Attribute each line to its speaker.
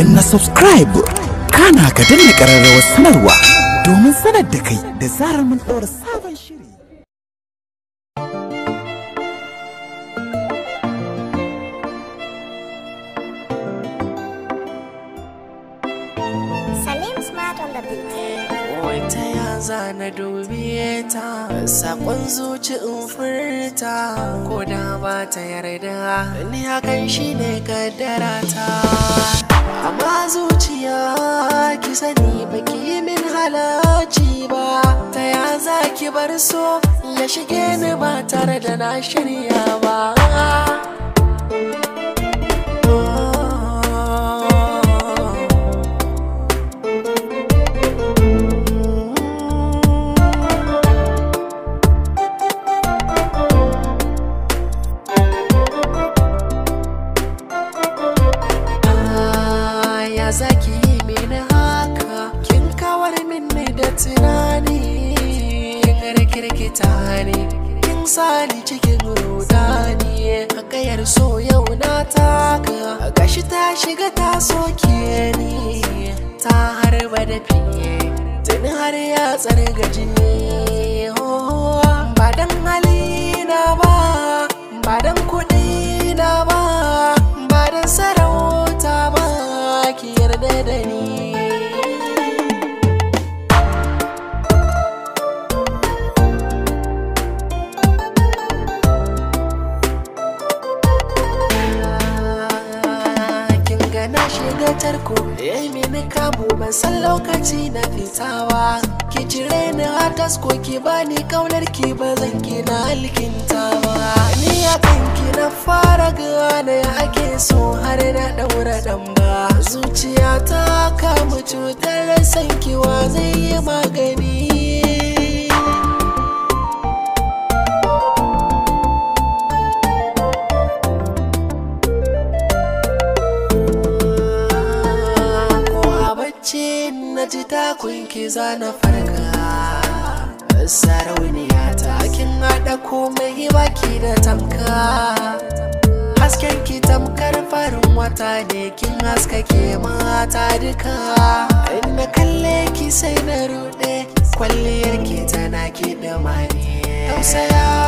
Speaker 1: na subscribe kana ka danna ƙararrawar sanarwa domin sanar da kai da zarar mun daura sabon shiri zana dubiye ta, saƙon zuci in furta, ko da ba ta yarda, ni hakan shi ne kaddara ta. amma zuciya ki sani baki min halarci ba ta ya za ki bar so ya shige ni ba tare da na shirya ba zaki yi mini haka kin kawar min da tunani ta ne kin sani cikin rudani hakayar so yau na taka gashi ta shiga ta soke ni ta harba da fiye Tun har ya tsarga jini ba dan da ni ah, na shiga tarko eh mini kamu lokaci na fitawa ki cire ni a tasko ki bani ki ba zan ki na alkintawa ni a kanki na fara gawa na ya ake so har na daura dan zuciya ta kama cutar sankiwa zai yi magani na ji takun ki zana farka sarauniya ta kin haɗa komai baki da tamka hasken ki tamkar farin wata ne kin haska ke mata duka in na kalle ki sai na rude kwalliyar ki tana ki da mani tausaya